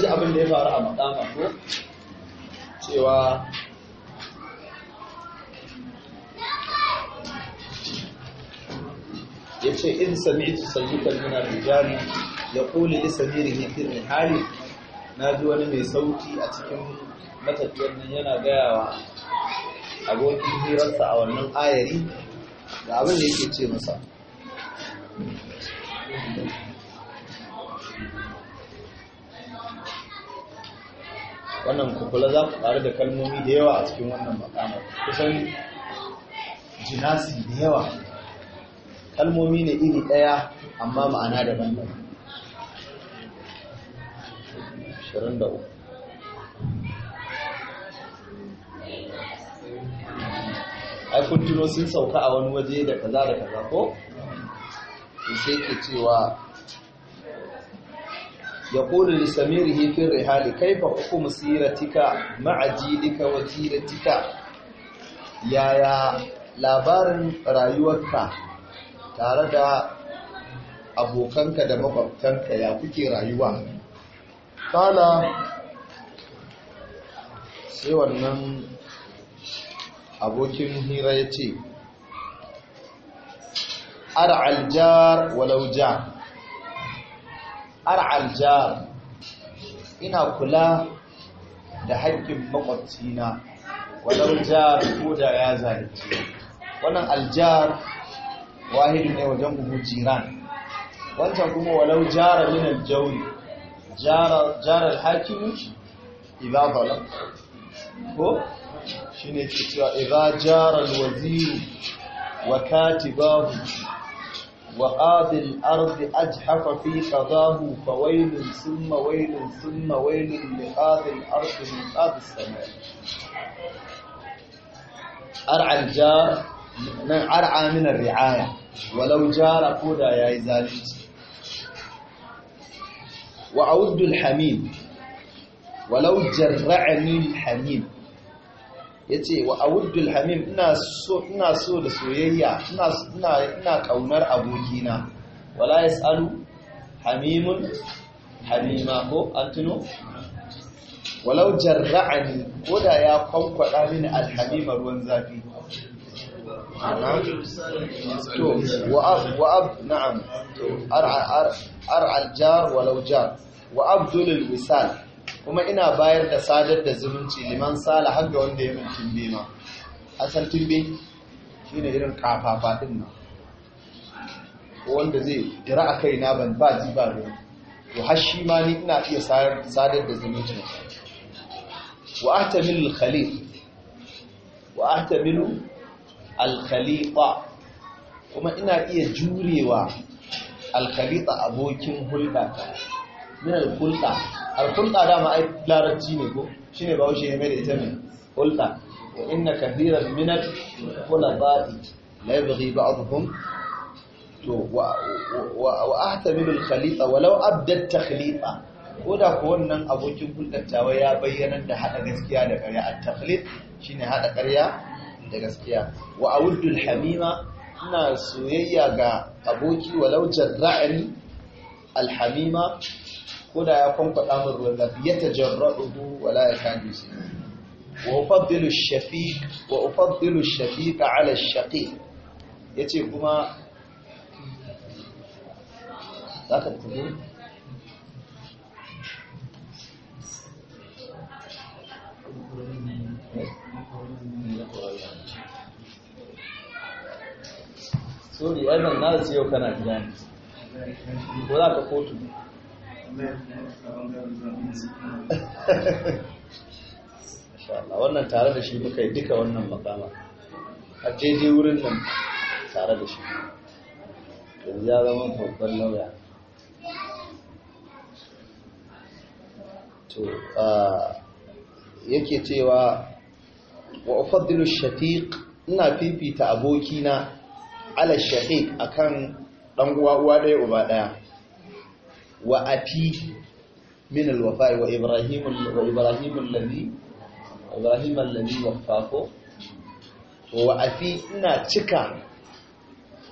ji abin da ya faru a makama ko cewa ya ce in sami'tu sayyukan mina rijali ya kuli li samirihi fi rihali na ji wani mai sauki a cikin matafiyar nan yana wa abokin hirarsa a wannan ayari da abin da yake ce masa wannan kukula za ku ƙaru da kalmomi da yawa a cikin wannan makamar kusan jinasi da yawa kalmomi ne iri ɗaya amma ma'ana daban daban ai kun tuno sun sauka a wani waje da kaza da kaza ko sai ke cewa يقول لسميره في الرحال كيف حكم سيرتك مع جيلك وجيلتك يا يا labarin rayuwarka tare da abokanka da makwabtanka ya kuke rayuwa kala sai wannan abokin hira ya ce ar aljar walau jar har jar ina kula da haƙƙin makwabcina walau jar ko da ya zalunce wannan aljar wahidi ne wajen ubu jiran wancan kuma walau jara min aljauri jara jara alhakimu idza zalam ko shine cewa idza jara alwazir wa katibahu وآب الأرض أجحف في قضاه فويل ثم ويل ثم ويل لآب الأرض من آب السماء أرعى الجار أرعى من الرعاية ولو جار قودا يا إزالي وأود الحميم ولو جرعني الحميم ya ce wa awuddul hamim ina so da soyayya ina kaunar abokina wala ya tsalu hamimun hamima ko an tuno walau jarra'ani ko da ya kwankwada mini alhamima ruwan zafi wa'ab na'am To, ar aljar walau jar Wa wa'abdulil wisal kuma ina bayar da sadar da zumunci liman sala har ga wanda ya min timbe ma asan timbe shine irin kafafa din nan wanda zai jira a kai na ban ba ji ba ruwa to har shi ma ni ina iya sadar da zumunci wa ahtamilu khaliq wa ahtamilu al-khaliqa kuma ina iya jurewa al-khaliqa abokin hulɗa min al-khulqa alkhulqa dama ai larabci ne ko shine ba wuce mai da ita ne hulqa wa inna kathiran min al-khulaqa'i la yabghi ba'dhum to wa wa ahtamilu al khalifa walau abda at ko da ko wannan abokin hulɗantawa ya bayyana da hada gaskiya da ƙarya at-takhlid shine hada ƙarya da gaskiya wa awuddul hamima ina soyayya ga aboki walau jarra'ani alhamima ko da ya kwankwaɗa min ruwan zafi ya tajarra'uhu wa la yakadu yusmi'u wa ufaddilu ash-shafiq wa ufaddilu ash-shafiqa 'ala ash-shaqi yace kuma zaka tudu Sorry, Ivan, na da yau kana gida ne. Ko za ka kotu ne? wannan tare da shi muka yi duka wannan makama a jeje wurin nan tare da shi yanzu ya zama babban lauya to yake cewa wa ufaddilu shafiq ina fifita abokina ala shafiq akan dan uwa uwa ɗaya uba ɗaya wa afihi min alwafa'i wa ibrahim wa ibrahim alladhi ibrahim alladhi waffaqo wa afi ina cika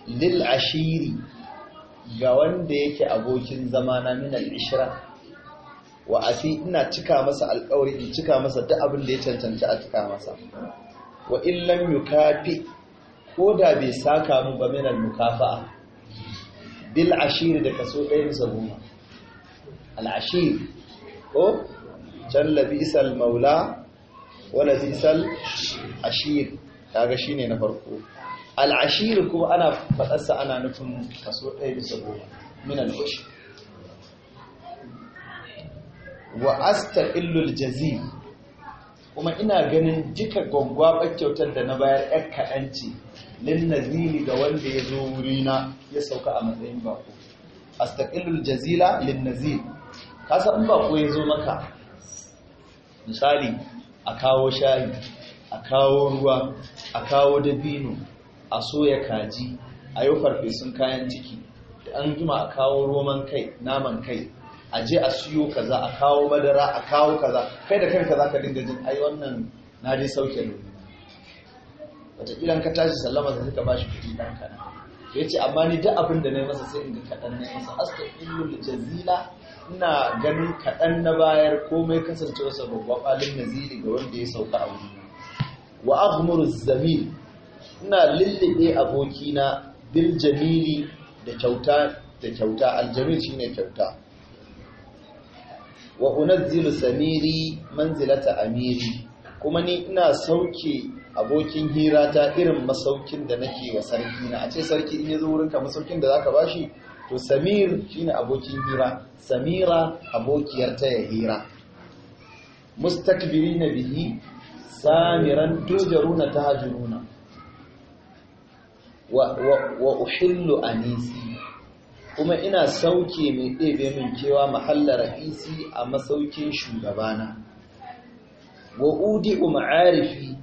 lil ashiri ga wanda yake abokin zama na min al ishra wa afi ina cika masa alƙawari in cika masa duk abin da ya cancanta a cika masa wa in lam yukafi ko da bai saka mu ba min al mukafa'a bil ashiri da kaso ɗaya bisa goma al'ashir ko can labisal maula wala labisal ashir kaga shine na farko al'ashir kuma ana faɗarsa ana nufin kaso ɗaya bisa goma min al'ashir wa asta illul jazi kuma ina ganin jika gwaggwaɓar kyautar da na bayar ‘yar kaɗanci lin nazili ga wanda ya zo wurina ya sauka a matsayin bako asta illul jazila lin nazili kasa in ba kuwa ya zo maka misali a kawo shayi a kawo ruwa a kawo dabino a soya kaji a yi farfesun kayan ciki da an gima a kawo roman kai naman kai a je a siyo kaza a kawo madara a kawo kaza kai da kanka za ka dinga jin ai wannan na dai sauke nauyi wataƙila ka tashi sallama sai ka bashi kuɗi ɗan kana ya ce amma ni duk abin da na yi masa sai in ga kaɗan na yi masa da jazila ina ganin kaɗan na bayar komai kasancewarsa babban alin naziri ga wanda ya sauka a wuri wa aghmur zamil ina lillibe abokina bil jamili da kyauta da kyauta aljamil shine kyauta wa unazzilu samiri manzilata amiri kuma ni ina sauke abokin hira ta irin masaukin da nake wa sarki na a ce sarki in ya wurinka masaukin da zaka bashi to samir shine abokin hira samira abokiyar ta ya hira na bihi samiran tujaruna tahajuruna wa wa uhillu anisi kuma ina sauke mai ɗebe min cewa mahalla ra'isi a masaukin shugabana wa udi ma'arifi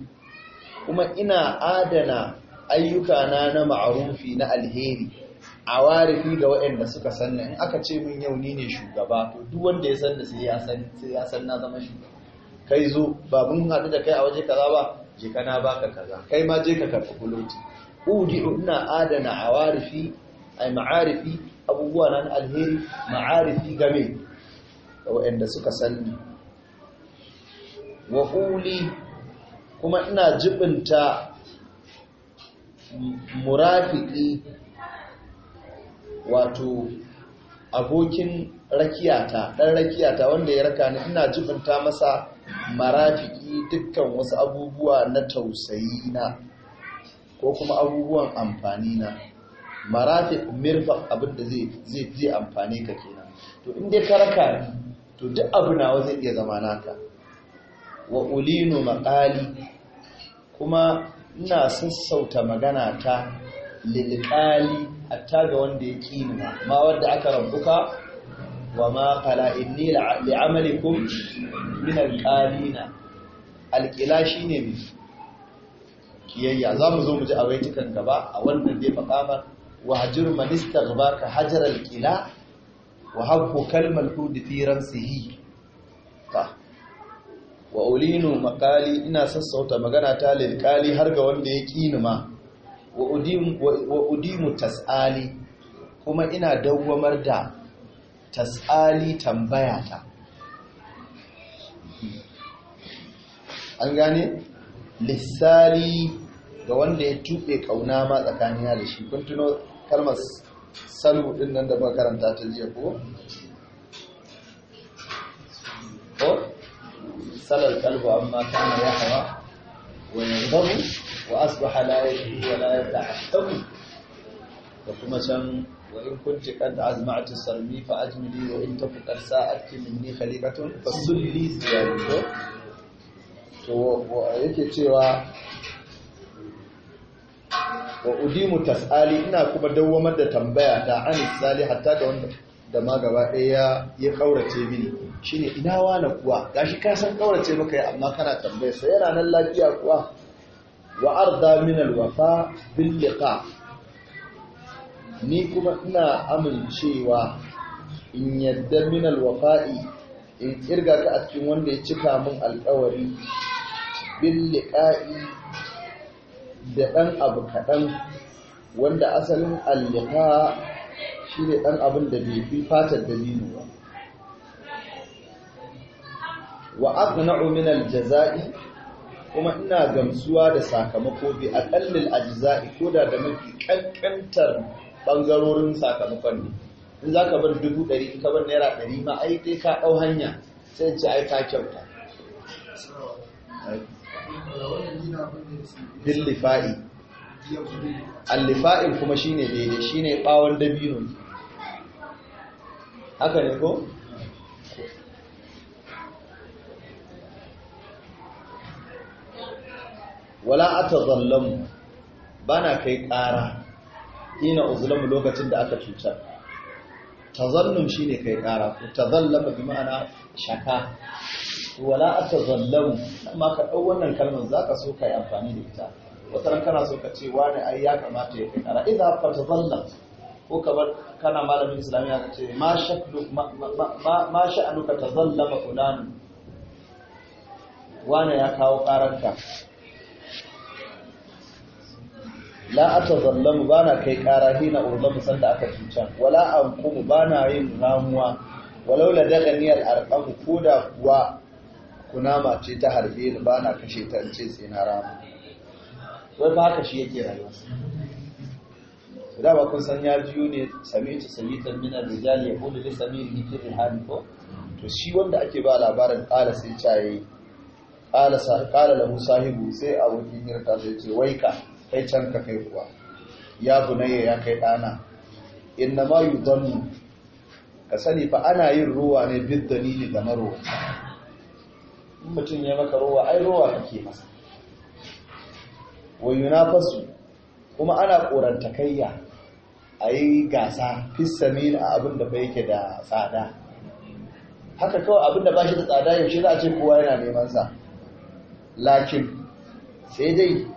kuma ina adana ayyukana na ma'arufi na alheri a warifi ga waɗanda suka sanna in aka ce min yau ni ne shugaba to duk wanda ya sanna sai ya san na zama shugaba kai zo ba mun haɗu da kai a waje kaza ba je na baka kaza kai ma je ka karɓi kuloti Udi ina adana awarifi ai ma'arifi abubuwa nan alheri ma'arifi game ga waɗanda suka sanni wa kuma ina jibinta murafiki wato abokin rakiyata ɗan rakiyata wanda ya raka ni ina jibinta masa marafiki dukkan wasu abubuwa na tausayi na ko kuma abubuwan amfani na marafik mirfa abinda zai zai amfani ka kenan to in dai ka raka ni to duk abu nawa zai iya zama naka wa ulinu maƙali. kuma ina sassauta magana ta lilqali hatta ga wanda ya kimina ma wanda aka rabuka wa ma qala inni li'amalikum min alqalina alqila shine mi kiyayya zamu zo mu ji a baitukan gaba a wannan dai maqamar wa hajir man istaghbaka hajar alqila wa habbu kalmal hud fi ransihi wa ulinu makali ina sassauta magana ta lilqali har ga wanda ya kini ma wa udimu tas'ali kuma ina dawwamar da tas'ali tambaya ta an gane lissali ga wanda ya tuɓe ƙauna ma tsakanina da shi kun tuno kalmar salu ɗin nan da makaranta ta jiya ko? ko? salar kalbu amma kana ya hawa ويغضب وأصبح لا يجري ولا يتعتم وكما شم وإن كنت قد أزمعت السلمي فأجملي وإن تكن قد ساءتك مني خليقة فسلي زيادته yake cewa wa udimu tas'ali ina kuma dawwamar da tambaya ta anis sali hatta da wanda da ma gaba ɗaya ya ƙaurace mini shi ne, ina wani kuwa gashi ka san ƙaurace maka yi amma kana tambaye sa yana nan lafiya kuwa wa arda min alwafa bil liqa ni kuma ina amincewa in yadda min alwafa'i in kirga ka a cikin wanda ya cika min alƙawari bil liqa'i da ɗan abu kaɗan wanda asalin alliqa shi ne ɗan abin da bai fi fatar dabino. ba wa aqna'u min aljaza'i kuma ina gamsuwa da sakamako bi aqallil ajza'i ko da mafi kankantar bangarorin sakamakon ne in za ka bar dubu ɗari in ka bar naira ɗari ma ai dai ka ɗau hanya sai in ce ai ka kyauta allifa'in kuma shine daidai shine bawon dabino haka ne ko wala ba bana kai ƙara ina uzlamu lokacin da aka cuta tazallum ne kai ƙara ko tazallama bi ma'ana shaka wala atazallamu amma ka dau wannan kalmar zaka so kai amfani da ita wata ran kana so ka ce wani ai ya kamata ya kai ƙara idza fatazallam ko kamar kana malamin islamiyya ya ce ma sha'anuka ta zallama kudanu wane ya kawo ƙararka la a ta zallamu ba na kai ƙara hina urlamu sanda aka cuta wala an kuma ba na yin ramuwa walau da niyar arƙamu ko da kuwa kunama ce ta harbe ba na kashe ta ce sai na ramu wai ba haka shi yake rayuwa da ba kun san ya jiyo ne sami'tu sayyidan min ar-rijal yaqulu li sami'ihi fi rihal ko to shi wanda ake ba labarin qala sai caye qala sa qala lahu sahibu sai abokin hirta sai ce waika kai can ka kai kuwa ya bunayya ya kai dana inna ma yudannu ka sani fa ana yin ruwa ne bid dalili da maro mutum ya maka ruwa ai ruwa kake masa wa yunafasu kuma ana korantakayya a yi gasa fisamil a abin da bai ke da tsada haka kawai abin da ba shi da tsada yaushe za a ce kowa yana neman sa lakin sai dai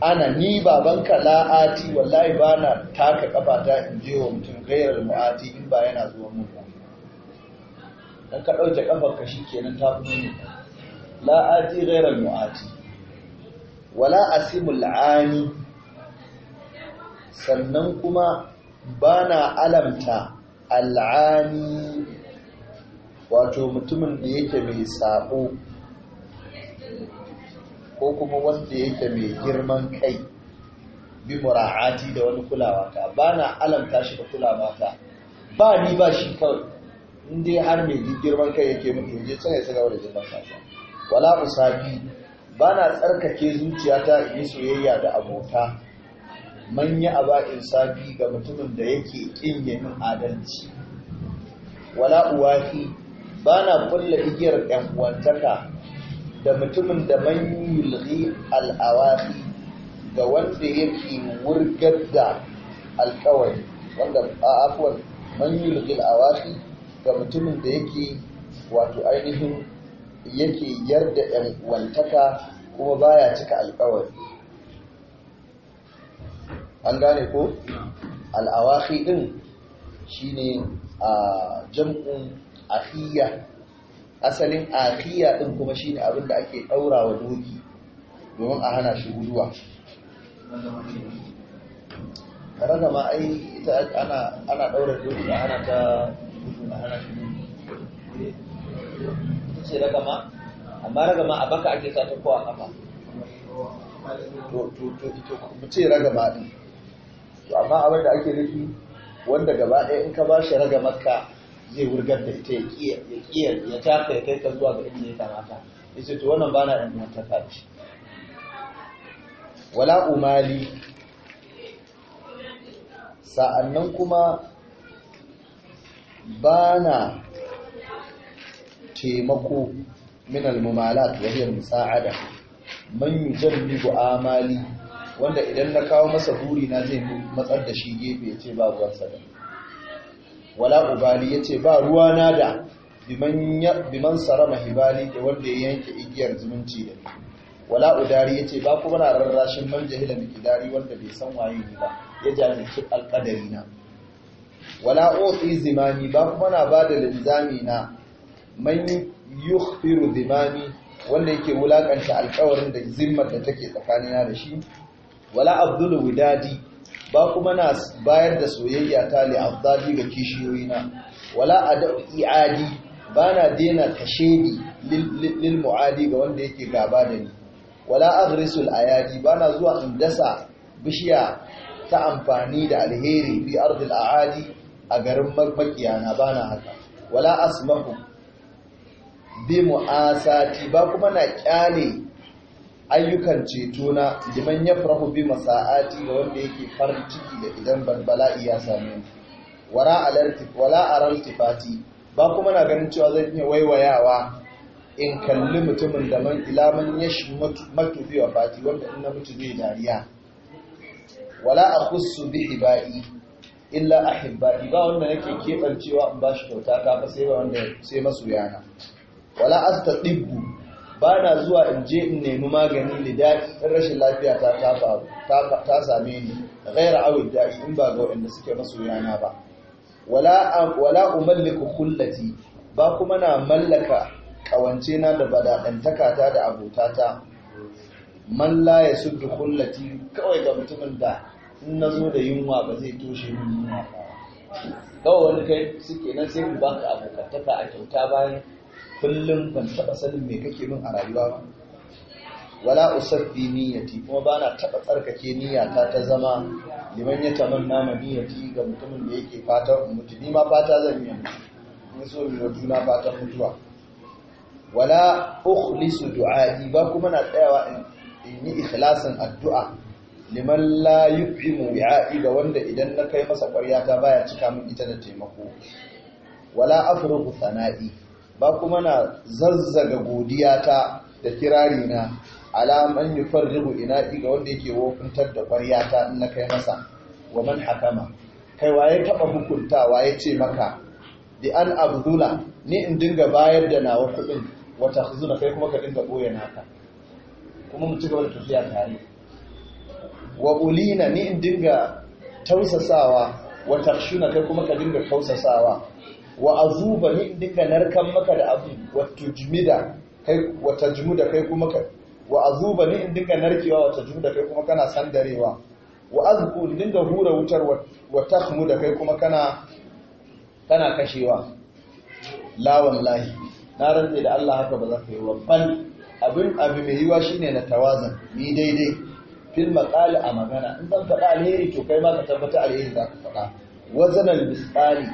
ana ni babanka la'ati wallahi ba na taka kafata in je wa mutum gairar mu'ati in ba yana zuwa mun ba dan ka ɗauke kafarka shi kenan ta fi nuni la'ati gairar mu'ati wala asimul la'ani sannan kuma ba na alamta al'ani wato mutumin da yake mai sabo ko kuma wanda yake mai girman kai bi mura'ati da wani kulawa ta ba na alamta shi da kulawa ta ba ni ba shi kawai inda har mai girman kai yake mutu je sai ya saka wani jirgin wala usabi ba na tsarkake zuciyata in yi soyayya da abota manya a ba insafi ga mutumin da yake ƙin yamin adalci wala uwafi ba na kulla igiyar ‘yan uwantaka da mutumin da man yulghi al'awafi ga wanda yake wurgar da alkawari wanda a afuwar man yulghi al'awafi ga mutumin da yake wato ainihin yake yarda ‘yan uwantaka kuma baya cika alkawari an gane ko ɗin din shine a jam'un afiya asalin afiya din kuma shine abin da ake daura wa doki domin a hana shi guduwa ragama ai ita ana ana daura doki a hana ta gudu a hana shi ita ce ma. amma ma a baka ake sata ko a kafa to to to to mu ce ragama din amma abin da ake nufi wanda gaba ɗaya in ka ba shi raga makka zai wurgar da ita ya kiyar ya taka ya kai ka zuwa ga inda ya kamata ya ce to wannan ba na ɗan ta wala umali sa'annan kuma ba na taimako min al-mumalat wa hiya musa'ada man yujallibu amali wanda idan na kawo masa buri na zai matsar da shi gefe ya ce ba ruwansa da wala ubali ya ce ba ruwa na da biman sarama mahibali da wanda ya yanke igiyar zumunci da wala udari ya ce ba kuma na rarrashin man jahila gidari wanda bai san waye ne ba ya jami'ci alkadari na wala otsi zimani ba kuma na ba da linzami na man yukhfiru zimani wanda yake wulakanta alkawarin da zimmar da take tsakanina da shi wala abdul widadi ba kuma na bayar da soyayya ta li afdadi ga kishiyoyina wala adu iadi ba na dena kashedi lil muadi ga wanda yake gaba da ni wala aghrisul ayadi ba na zuwa in dasa bishiya ta amfani da alheri bi ardil aadi a garin na, ba na haka wala asmahu bi mu'asati ba kuma na kyale ayyukan ceto na liman ya farahu bi masa'ati ga wanda yake farin ciki da idan bala'i ya same wara alarti wala fati ba kuma na ganin cewa zan iya waiwayawa in kalli mutumin da man ila ya yashi matubi wa fati wanda in na mutu zai dariya wala akhussu bi ibai illa ahibbai ba wanda yake kebancewa in bashi kyauta ka fa sai wanda sai yana. wala astadibbu ba na zuwa in je in nemi magani lidai in rashin lafiya ta same ni ghaira awi da'i in ba ga waɗanda suke na ba wala wala umalliku kullati ba kuma na mallaka kawance na da badadantaka ta da abotata man la yasuddu kullati kawai ga mutumin da in nazo da yunwa ba zai toshe min yunwa ba kawai wani kai suke nan sai ku baka abokantaka a kyauta bayan kullum ban taɓa sanin me kake min a rayuwa ba wala usabbi niyyati kuma ba na taɓa tsarkake niyyata ta zama liman ya tamanna nama niyyati ga mutumin da yake fatan mutu ni ma fata zan yi in so mi wa juna fatan mutuwa wala ukhlisu du'a'i ba kuma na tsayawa in yi ikhlasin addu'a liman la yub'imu bi'a'i ga wanda idan na kai masa ƙwarya ta baya cika min ita da taimako wala afruqu sana'i ba kuma na zazzaga godiyata da kirarina alaman yi farribu ina ga wanda yake wofintar da kwaryata in na kai masa wa man hakama kai waye taɓa hukuntawa ya ce maka di an abdula ni in dinga bayar da nawa kuɗin wata zuna kai kuma ka dinga ɓoye naka kuma mu ci gaba da tafiya tare wa ulina ni in dinga tausasawa wata shuna kai kuma ka dinga tausasawa. wa azuba ni dinga narkan maka da abu wa tujmida kai wa tajmuda kai kuma ka wa azuba ni dinga narkewa wa tajmuda kai kuma kana sandarewa wa azku dinga hura wutar wa takhmuda kai kuma kana kana kashewa la wallahi na rantsa da Allah haka ba za ka yi wa bal abin abu mai yiwa shine na tawazan ni daidai fil maqal a magana in zan faɗa alheri to kai ma ka tabbata alheri za ka faɗa wazanan bisqali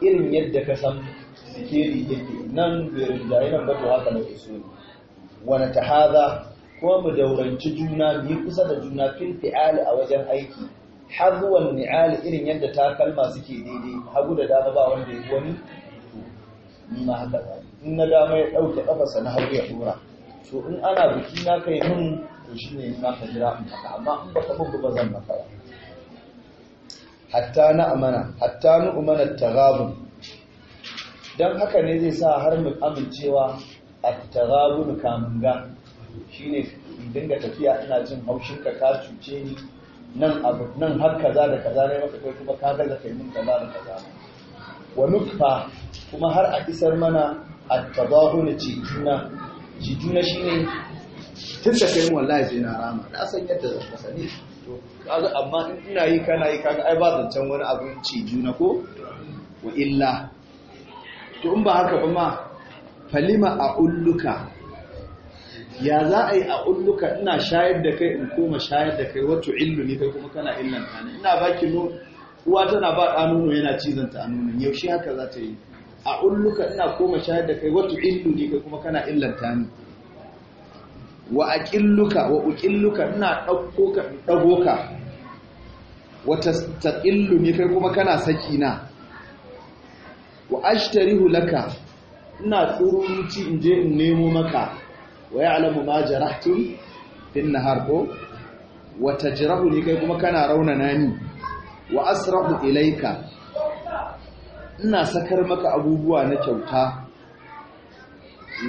irin yadda ka san sikeri yake nan bai rinjaye nan ba to haka nake so wani ta haza kuma mu dauranci juna biyu kusa da juna fil fi'ali a wajen aiki har hazuwan ni'ali irin yadda takalma suke daidai hagu da dama ba wanda ya wani ni ma haka ba in na dama ya ɗauke ƙafarsa na hagu ya dora to in ana biki na kai mun to shine ni ma ka jira in haka amma in ba baka mun ba zan maka ba hatta na amana hatta nu umana tagabun dan haka ne zai sa har mu amincewa a at-tagabun kamunga shine dinga tafiya ina jin haushin ka ka cuce ni nan abu nan har kaza da kaza ne maka kai kuma ka daga kai mun kaza da kaza wa nukfa kuma har a isar mana at-tadahun jituna jituna shine tun da kai wallahi sai na rama na san yadda zaka sani amma ina yi kana yi kaga ai ba zancen wani abinci juna ko wa illa to in ba haka ba ma falima a ulluka ya za a yi a ulluka ina shayar da kai in koma shayar da kai wato illu ne kai kuma kana illan ne ina baki no uwa tana ba ɗa nuno yana cizon ta nonon yaushe haka za ta yi a ulluka ina koma shayar da kai wato illu ne kai kuma kana illan ne wa aqilluka wa uqilluka ina dauko ka dago ka wa tastaqillu kai kuma kana saki na wa ashtarihu laka ina tsuruci in je in nemo maka wa ya'lamu ma jarahtum fin nahar ko wa tajrahu ne kai kuma kana raunana ni wa asrahu ilayka ina sakar maka abubuwa na kyauta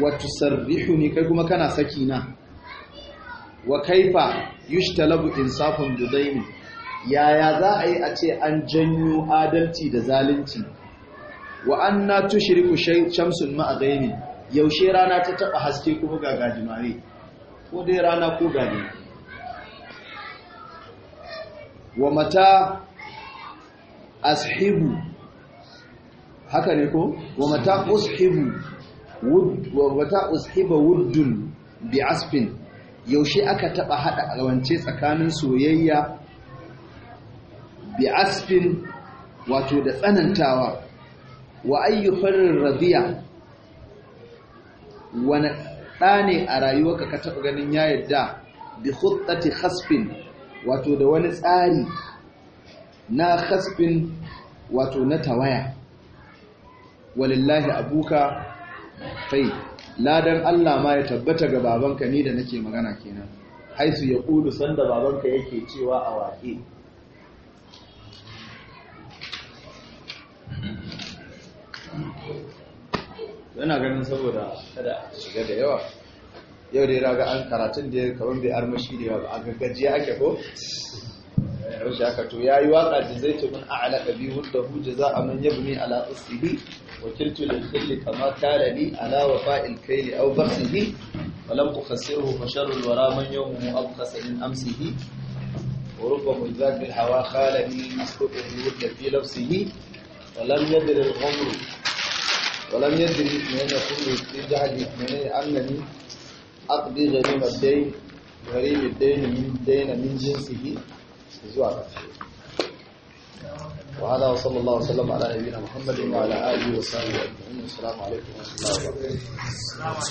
wa tusarrihu ne kai kuma kana saki na wa kaifa yushtalabu insafun judaimi yaya za a yi a ce an janyo adalci da zalunci wa anna tushriku shamsun ma'adaini yaushe rana ta taba haske kuma ga gajimare ko dai rana ko gaje wa mata ashibu haka ne ko wa mata ushibu wud wa mata ushiba wuddun bi asfin yaushe aka taɓa haɗa alwance tsakanin soyayya bi asfin wato da tsanantawa wa ayyukan rabiya wani ɗa ne a rayuwa ka taɓa ganin ya yadda bi khuttati hasfin wato da wani tsari na hasfin wato na tawaya walillahi abuka fai ladan Allah ma ya tabbata ga babanka ni da nake magana kenan haisu ya kudu sanda babanka yake cewa a waƙe yana ganin saboda kada shiga da yawa yau dai raga an karatun da ya kaban bai armashi da yawa ba a gaggajiya ake ko rashin aka to ya yi waƙa da zai a alaƙa biyu hudu da hujja za a man yabni ala usihi وكلت للخل كما كان لي على وفاء الكيل أو بخسه ولم أخسره فشر الورى من يومه أبخس من أمسه ورب مجداد بالهوى خالني أسقط الود في لبسه ولم يدر الغمر ولم يدر إثنين كل في إثنين أنني أقضي غريم الدين غريم الدين من دين من جنسه زوال وعلى وصلى الله وسلم على نبينا محمد وعلى آله وصحبه أجمعين والسلام عليكم ورحمة الله وبركاته